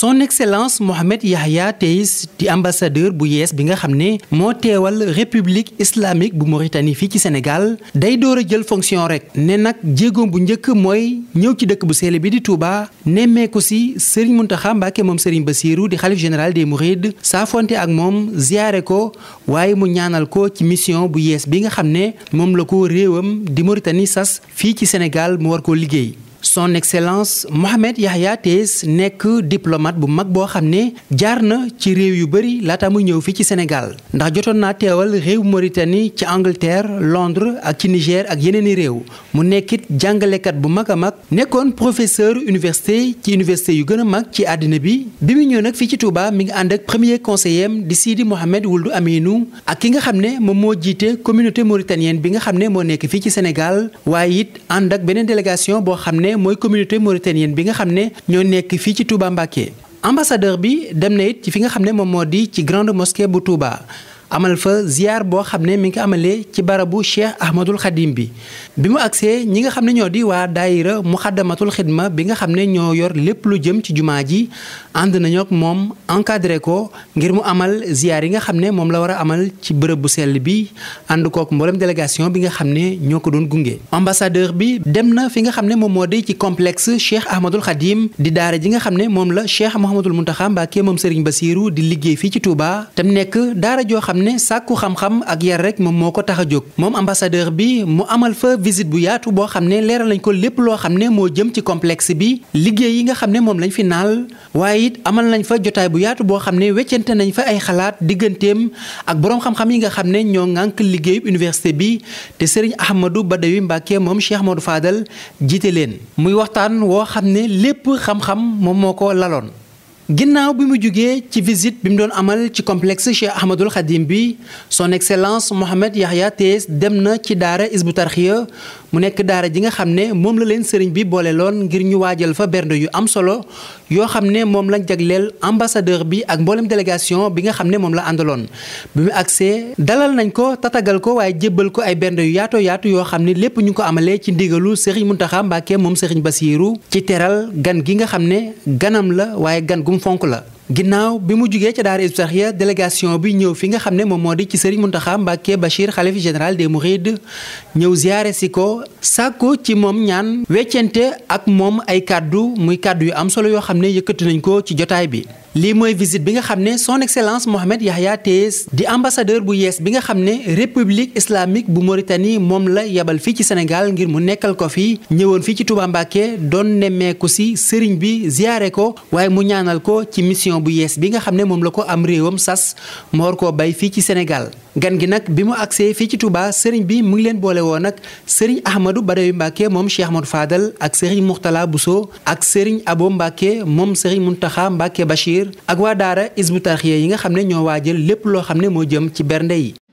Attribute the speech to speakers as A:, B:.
A: son excellence Mohamed Yahya Teis di ambassadeur bu yees bi nga xam ne moo teewal république islamique bu Mauritanie fii ci Sénégal day door a jël fonction rek ne nag jéegoom bu njëkk mooy ñëw ci dëkk bu seele bi di Touba nemmeeku si Serigne Mountakha Mbacké moom Serigne Bassirou di xalif général des Mourides saafonte ak moom ziyaare ko waaye mu ñaanal ko ci mission bu yees bi nga xam ne moom la ko réewam di Mauritanie sas fii ci Sénégal mu war koo liggéey. son excellence Mohamed Yahya Teuss nekk diplomate bu mag boo xam ne jaar na ci réew yu bëri laata muy ñëw fii ci Sénégal ndax jotoon naa teewal réew Mauritanie ci Angleterre Londres ak ci Niger ak yeneeni réew mu nekkit jàngalekat bu mag a mag nekkoon professeur université ci université yu gën a mag ci àddina bi bi mu ñëw nag fii ci Touba mi ngi ànd ak premier conseiller di Sidi Mohamed Wuld Aminu ak ki nga xam ne moom moo jiite communauté mauritanienne bi nga xam ne moo nekk fii ci Sénégal waaye it beneen délégation boo xam ne ne mooy communauté mauritanienne bi nga xam ne ñoo nekk fii ci Touba Mbacké ambassadeur bi dem na it ci fi nga xam ne moom moo di ci grande mosquée bu Touba amal fa ziar boo xam ne mi ngi ko amalee ci barabu Cheikh Ahmadul Xadim bi bi mu agsee ñi nga xam ne ñoo di waa daayira muxaddamatul xidma bi nga xam ne ñoo yor lépp lu jëm ci jumaa ji ànd nañu ak moom encadré ko ngir mu amal ziar yi nga xam ne moom la war a amal ci bërëb bu sell bi ànd kook mboolem délégation bi nga xam ne ñoo ko doon gunge. ambassadeur bi dem na fi nga xam ne moom moo di ci complexe Cheikh Ahmadul Xadim di daara ji nga xam ne moom la Cheikh Mouhamadul Mountakha Mbacké moom Serigne Bassirou di liggéey fii ci Touba ne sàkku xam-xam ak yar rek moom moo ko tax a jóg moom ambassadeur bi mu amal fa visite bu yaatu boo xam ne leeral nañ ko lépp loo xam ne moo jëm ci complexe bi liggéey yi nga xam ne moom lañu fi naal waaye it amal nañ fa jotaay bu yaatu boo xam ne weccante nañ fa ay xalaat digganteem ak boroom xam-xam yi nga xam ne ñoo ŋànk liggéeyub université bi te sëriñ Ahmadou Badawi Mbacke moom Cheikh du Fadal jiite leen muy waxtaan woo xam ne lépp xam moom moo ko laloon ginnaaw bi mu jugee ci visite bi mu doon amal ci complexe Cheikh Ahmadul Khadim bi son excellence Mohamed Yahya Tees dem na ci daara Hizbut Tarqiyyah mu nekk daara ji nga xam ne moom la leen sëriñ bi boole ngir ñu waajal fa bernde yu am solo yoo xam ne moom lañ jagleel ambassadeur bi ak mboolem délégation bi nga xam ne moom la àndaloon bi mu agsee dalal nañ ko tatagal ko waaye jébbal ko ay bernde yu yaatoo yaatu yoo xam ne lépp ñu ko amalee ci ndigalu sëriñ Muntaxa Mbàkke moom sëriñ Basiiru ci teral gan gi nga xam ne ganam la waaye gan fonk la ginnaaw bi mu jugee ca daar hizbut délégation bi ñëw fi nga xam ne moom moo di ci Serigne Mountakha Mbacké Bachir xalifa général des Mourides ñëw ziyaare si ko sàkku ci moom ñaan weccente ak moom ay kàddu muy kàddu yu am solo yoo xam ne yëkkati nañ ko ci jotaay bi lii mooy visite bi nga xam ne son excellence Mohamed Yahya Teyes di ambassadeur bu yees bi nga xam ne république islamique bu Mauritanie moom la yebal fii ci Sénégal ngir mu nekkal ko fii ñëwoon fii ci Touba doon nemmeeku si sëriñ bi ziyaare ko waaye mu ñaanal ko ci mission bu yees bi nga xam ne moom la ko am réewam sas mu war koo bay fii ci Sénégal gan gi nag bi mu agsee fii ci Touba sëriñ bi mu ngi leen boole woon nag sëriñ Ahmadou Badawi Mbacke moom Cheikh Ahmadou Fadal ak sëriñ Mouhtala Bousso ak sëriñ Abo Mbacke moom sëriñ Mountakha Mbacke Bachir ak waa daara Hizbut Tarqiyyah yi nga xam ne ñoo waa jël lépp loo xam ne moo jëm ci bernde yi